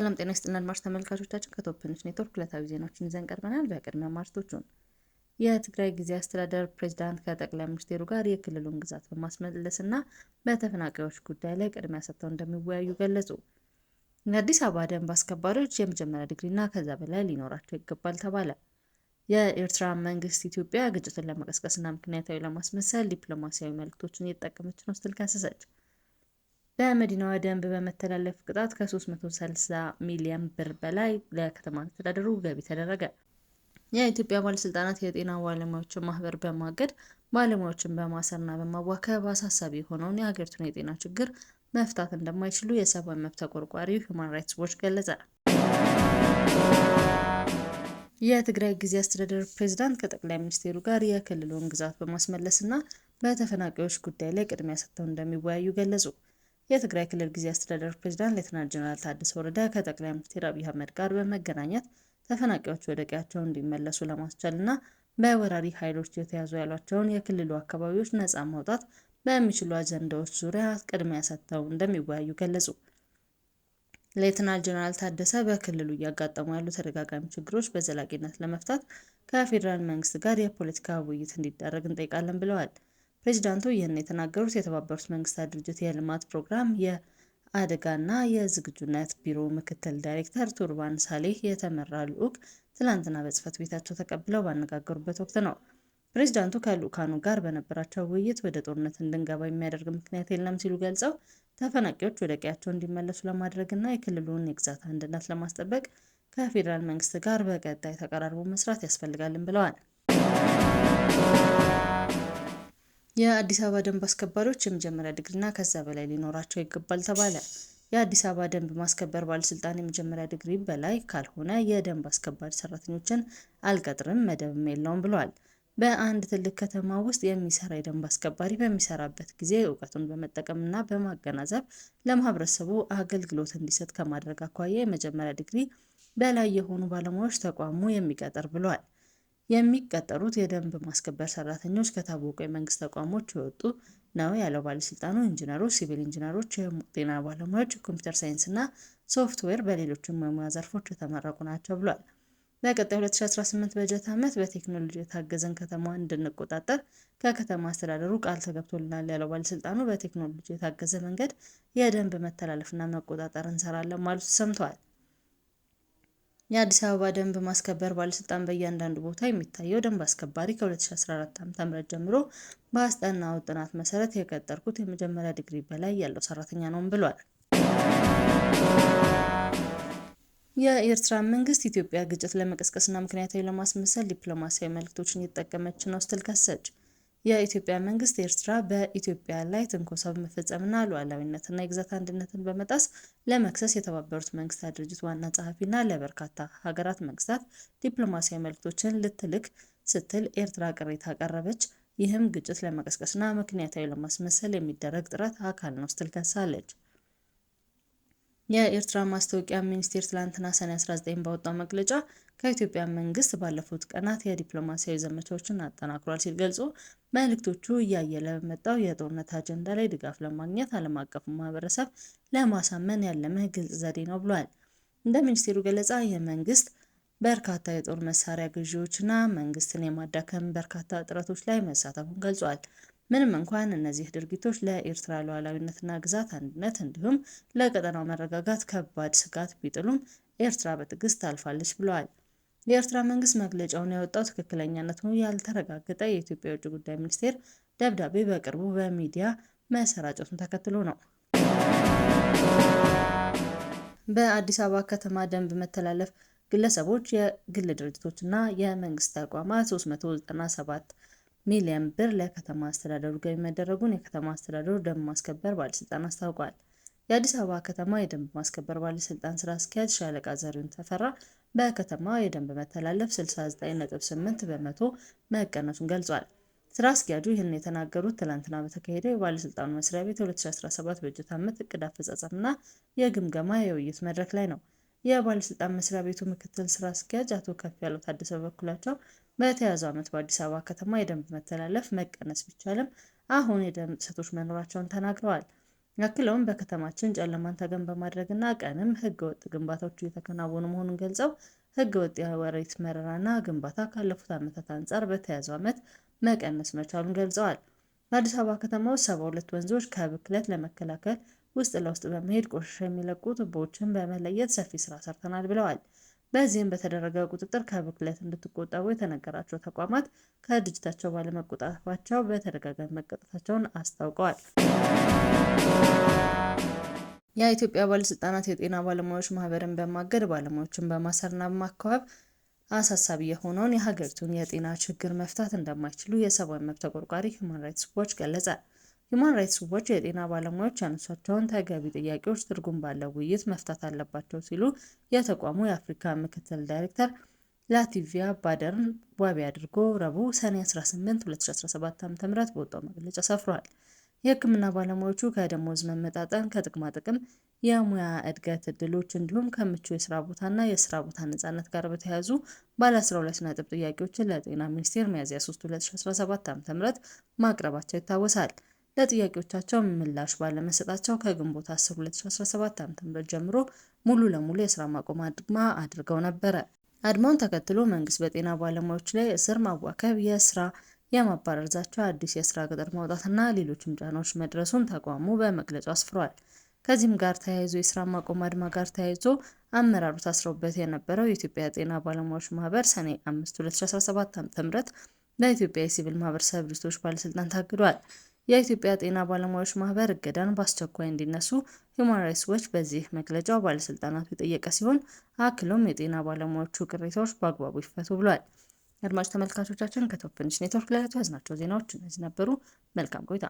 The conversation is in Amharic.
ሰላም ጤና ይስጥልን አድማጭ ተመልካቾቻችን፣ ከቶፕ ኔትወርክ ዕለታዊ ዜናዎችን ይዘን ቀርበናል። በቅድሚያ ማርቶቹን የትግራይ ጊዜ አስተዳደር ፕሬዚዳንት ከጠቅላይ ሚኒስትሩ ጋር የክልሉን ግዛት በማስመለስና በተፈናቃዮች ጉዳይ ላይ ቅድሚያ ሰጥተው እንደሚወያዩ ገለጹ። የአዲስ አበባ ደንብ አስከባሪዎች የመጀመሪያ ዲግሪና ከዛ በላይ ሊኖራቸው ይገባል ተባለ። የኤርትራ መንግስት ኢትዮጵያ ግጭትን ለመቀስቀስና ምክንያታዊ ለማስመሰል ዲፕሎማሲያዊ መልክቶችን እየተጠቀመች ነው ስትል ከሰሰች። በመዲናዋ ደንብ በመተላለፍ ቅጣት ከ330 ሚሊዮን ብር በላይ ለከተማ አስተዳደሩ ገቢ ተደረገ። የኢትዮጵያ ባለስልጣናት የጤና ባለሙያዎችን ማህበር በማገድ ባለሙያዎችን በማሰርና በማዋከብ አሳሳቢ የሆነውን የሀገሪቱን የጤና ችግር መፍታት እንደማይችሉ የሰብአዊ መብት ተቆርቋሪ ሁማን ራይትስ ዎች ገለጸ። የትግራይ ጊዜ አስተዳደር ፕሬዝዳንት ከጠቅላይ ሚኒስትሩ ጋር የክልሉን ግዛት በማስመለስና በተፈናቃዮች ጉዳይ ላይ ቅድሚያ ሰጥተው እንደሚወያዩ ገለጹ። የትግራይ ክልል ጊዜ አስተዳደር ፕሬዝዳንት ሌተናንት ጀነራል ታደሰ ወረደ ከጠቅላይ ሚኒስትር አብይ አህመድ ጋር በመገናኘት ተፈናቃዮች ወደ ቀያቸው እንዲመለሱ ለማስቻልና በወራሪ ኃይሎች የተያዙ ያሏቸውን የክልሉ አካባቢዎች ነፃ ማውጣት በሚችሉ አጀንዳዎች ዙሪያ ቅድሚያ ሰጥተው እንደሚወያዩ ገለጹ። ሌትናል ጀነራል ታደሰ በክልሉ እያጋጠሙ ያሉ ተደጋጋሚ ችግሮች በዘላቂነት ለመፍታት ከፌዴራል መንግስት ጋር የፖለቲካ ውይይት እንዲደረግ እንጠይቃለን ብለዋል። ፕሬዚዳንቱ ይህን የተናገሩት የተባበሩት መንግስታት ድርጅት የልማት ፕሮግራም የአደጋና የዝግጁነት ቢሮ ምክትል ዳይሬክተር ቱርባን ሳሌህ የተመራ ልዑክ ትላንትና በጽፈት ቤታቸው ተቀብለው ባነጋገሩበት ወቅት ነው። ፕሬዚዳንቱ ከልዑካኑ ጋር በነበራቸው ውይይት ወደ ጦርነት እንድንገባ የሚያደርግ ምክንያት የለም ሲሉ ገልጸው ተፈናቂዎች ወደ ቀያቸው እንዲመለሱ ለማድረግና የክልሉን የግዛት አንድነት ለማስጠበቅ ከፌዴራል መንግስት ጋር በቀጣይ ተቀራርቦ መስራት ያስፈልጋልን ብለዋል። የአዲስ አበባ ደንብ አስከባሪዎች የመጀመሪያ ድግሪና ከዛ በላይ ሊኖራቸው ይገባል ተባለ። የአዲስ አበባ ደንብ ማስከበር ባለስልጣን የመጀመሪያ ዲግሪ በላይ ካልሆነ የደንብ አስከባሪ ሰራተኞችን አልቀጥርም፣ መደብም የለውም ብሏል። በአንድ ትልቅ ከተማ ውስጥ የሚሰራ የደንብ አስከባሪ በሚሰራበት ጊዜ እውቀቱን በመጠቀምና በማገናዘብ ለማህበረሰቡ አገልግሎት እንዲሰጥ ከማድረግ አኳያ የመጀመሪያ ዲግሪ በላይ የሆኑ ባለሙያዎች ተቋሙ የሚቀጥር ብሏል። የሚቀጠሩት የደንብ ማስከበር ሰራተኞች ከታወቁ የመንግስት ተቋሞች የወጡ ነው ያለው ባለስልጣኑ፣ ኢንጂነሮች፣ ሲቪል ኢንጂነሮች፣ የጤና ባለሙያዎች፣ ሳይንስ እና ሶፍትዌር በሌሎችም የሙያ ዘርፎች የተመረቁ ናቸው ብሏል። በቀጣይ 2018 በጀት ዓመት በቴክኖሎጂ የታገዘን ከተማ እንድንቆጣጠር ከከተማ አስተዳደሩ ቃል ተገብቶልናል ያለው ባለስልጣኑ በቴክኖሎጂ የታገዘ መንገድ የደንብ መተላለፍና መቆጣጠር እንሰራለን ማለቱ ሰምተዋል። የአዲስ አበባ ደንብ ማስከበር ባለስልጣን በእያንዳንዱ ቦታ የሚታየው ደንብ አስከባሪ ከ2014 ዓ.ም ጀምሮ በአስጠናው ጥናት መሰረት የቀጠርኩት የመጀመሪያ ዲግሪ በላይ ያለው ሰራተኛ ነውም ብሏል። የኤርትራ መንግስት ኢትዮጵያ ግጭት ለመቀስቀስና ምክንያታዊ ለማስመሰል ዲፕሎማሲያዊ መልእክቶችን እየተጠቀመች ነው ስትል ከሰች። የኢትዮጵያ መንግስት ኤርትራ በኢትዮጵያ ላይ ትንኮሳ በመፈጸምና ሉዓላዊነትና የግዛት አንድነትን በመጣስ ለመክሰስ የተባበሩት መንግስታት ድርጅት ዋና ጸሐፊና ለበርካታ ሀገራት መንግስታት ዲፕሎማሲያዊ መልእክቶችን ልትልክ ስትል ኤርትራ ቅሬታ አቀረበች። ይህም ግጭት ለመቀስቀስና ምክንያታዊ ለማስመሰል የሚደረግ ጥረት አካል ነው ስትል ከሳለች። የኤርትራ ማስታወቂያ ሚኒስቴር ትላንትና ሰኔ 19 ባወጣው መግለጫ ከኢትዮጵያ መንግስት ባለፉት ቀናት የዲፕሎማሲያዊ ዘመቻዎችን አጠናክሯል ሲል ገልጾ መልእክቶቹ እያየለ በመጣው የጦርነት አጀንዳ ላይ ድጋፍ ለማግኘት ዓለም አቀፉ ማህበረሰብ ለማሳመን ያለመ ግልጽ ዘዴ ነው ብሏል። እንደ ሚኒስቴሩ ገለጻ የመንግስት በርካታ የጦር መሳሪያ ግዢዎችና መንግስትን የማዳከም በርካታ ጥረቶች ላይ መሳተፉን ገልጿል። ምንም እንኳን እነዚህ ድርጊቶች ለኤርትራ ሉዓላዊነትና ግዛት አንድነት እንዲሁም ለቀጠናው መረጋጋት ከባድ ስጋት ቢጥሉም ኤርትራ በትዕግስት ታልፋለች ብለዋል። የኤርትራ መንግስት መግለጫውን ያወጣው ትክክለኛነቱ ያልተረጋገጠ የኢትዮጵያ የውጭ ጉዳይ ሚኒስቴር ደብዳቤ በቅርቡ በሚዲያ መሰራጨቱን ተከትሎ ነው። በአዲስ አበባ ከተማ ደንብ መተላለፍ ግለሰቦች፣ የግል ድርጅቶችና የመንግስት ተቋማት 397 ሚሊዮን ብር ለከተማ አስተዳደሩ ገቢ መደረጉን የከተማ አስተዳደሩ ደንብ ማስከበር ባለስልጣን አስታውቋል። የአዲስ አበባ ከተማ የደንብ ማስከበር ባለስልጣን ስራ አስኪያጅ ሻለቃ ዘሪሁን ተፈራ በከተማ የደንብ መተላለፍ 69.8 በመቶ መቀነሱን ገልጿል። ስራ አስኪያጁ ይህን የተናገሩት ትላንትና በተካሄደው የባለስልጣኑ መስሪያ ቤት 2017 በጀት ዓመት እቅድ አፈጻጸምና የግምገማ የውይይት መድረክ ላይ ነው። የባለስልጣን መስሪያ ቤቱ ምክትል ስራ አስኪያጅ አቶ ከፍያለው ታደሰ በበኩላቸው በተያዘው ዓመት በአዲስ አበባ ከተማ የደንብ መተላለፍ መቀነስ ቢቻልም አሁን የደንብ ጥሰቶች መኖራቸውን ተናግረዋል። አክለውም በከተማችን ጨለማን ተገን በማድረግና ቀንም ህገ ወጥ ግንባታዎች እየተከናወኑ መሆኑን ገልጸው ህገ ወጥ የመሬት መረራና ግንባታ ካለፉት ዓመታት አንጻር በተያዘው ዓመት መቀነስ መቻሉን ገልጸዋል። በአዲስ አበባ ከተማ ውስጥ ሰባ ሁለት ወንዞች ከብክለት ለመከላከል ውስጥ ለውስጥ በመሄድ ቆሻሻ የሚለቁ ቱቦዎችን በመለየት ሰፊ ስራ ሰርተናል ብለዋል። በዚህም በተደረገ ቁጥጥር ከብክለት እንድትቆጠቡ የተነገራቸው ተቋማት ከድርጅታቸው ባለመቆጣፋቸው በተደጋጋሚ መቀጣታቸውን አስታውቀዋል። የኢትዮጵያ ባለስልጣናት የጤና ባለሙያዎች ማህበርን በማገድ ባለሙያዎችን በማሰርና በማከባብ አሳሳቢ የሆነውን የሀገሪቱን የጤና ችግር መፍታት እንደማይችሉ የሰብአዊ መብት ተቆርቋሪ ሁማን ራይትስ ዎች ገለጸ። ሂውማን ራይትስ ዎች የጤና ባለሙያዎች ያነሷቸውን ተገቢ ጥያቄዎች ትርጉም ባለው ውይይት መፍታት አለባቸው ሲሉ የተቋሙ የአፍሪካ ምክትል ዳይሬክተር ላቲቪያ ባደርን ዋቢ አድርጎ ረቡዕ ሰኔ 18 2017 ዓ.ም በወጣው መግለጫ ሰፍሯል። የህክምና ባለሙያዎቹ ከደሞዝ መመጣጠን፣ ከጥቅማ ጥቅም፣ የሙያ እድገት እድሎች እንዲሁም ከምቹ የስራ ቦታና የስራ ቦታ ነጻነት ጋር በተያያዙ ባለ 12 ነጥብ ጥያቄዎችን ለጤና ሚኒስቴር ሚያዝያ 3 2017 ም ማቅረባቸው ይታወሳል። ለጥያቄዎቻቸው ምላሽ ባለመሰጣቸው ከግንቦት 10 2017 ዓ.ም ጀምሮ ሙሉ ለሙሉ የስራ ማቆም አድማ አድርገው ነበረ። አድማውን ተከትሎ መንግስት በጤና ባለሙያዎች ላይ እስር፣ ማዋከብ፣ የስራ የማባረር ዛቻ፣ አዲስ የስራ ቅጥር ማውጣትና ሌሎችም ጫናዎች መድረሱን ተቋሙ በመግለጹ አስፍሯል። ከዚህም ጋር ተያይዞ የስራ ማቆም አድማ ጋር ተያይዞ አመራሩ ታስረውበት የነበረው የኢትዮጵያ ጤና ባለሙያዎች ማህበር ሰኔ 5 2017 ዓ.ም በኢትዮጵያ የሲቪል ማህበረሰብ ድርጅቶች ባለስልጣን ታግዷል። የኢትዮጵያ ጤና ባለሙያዎች ማህበር እገዳን በአስቸኳይ እንዲነሱ ሂውማን ራይትስ ዎች በዚህ መግለጫው ባለስልጣናቱ የጠየቀ ሲሆን አክሎም የጤና ባለሙያዎቹ ቅሬታዎች በአግባቡ ይፈቱ ብሏል። አድማጭ ተመልካቾቻችን ከቶፕ ኔትወርክ ለዕለቱ ያዝናቸው ዜናዎች እነዚህ ነበሩ። መልካም ቆይታ።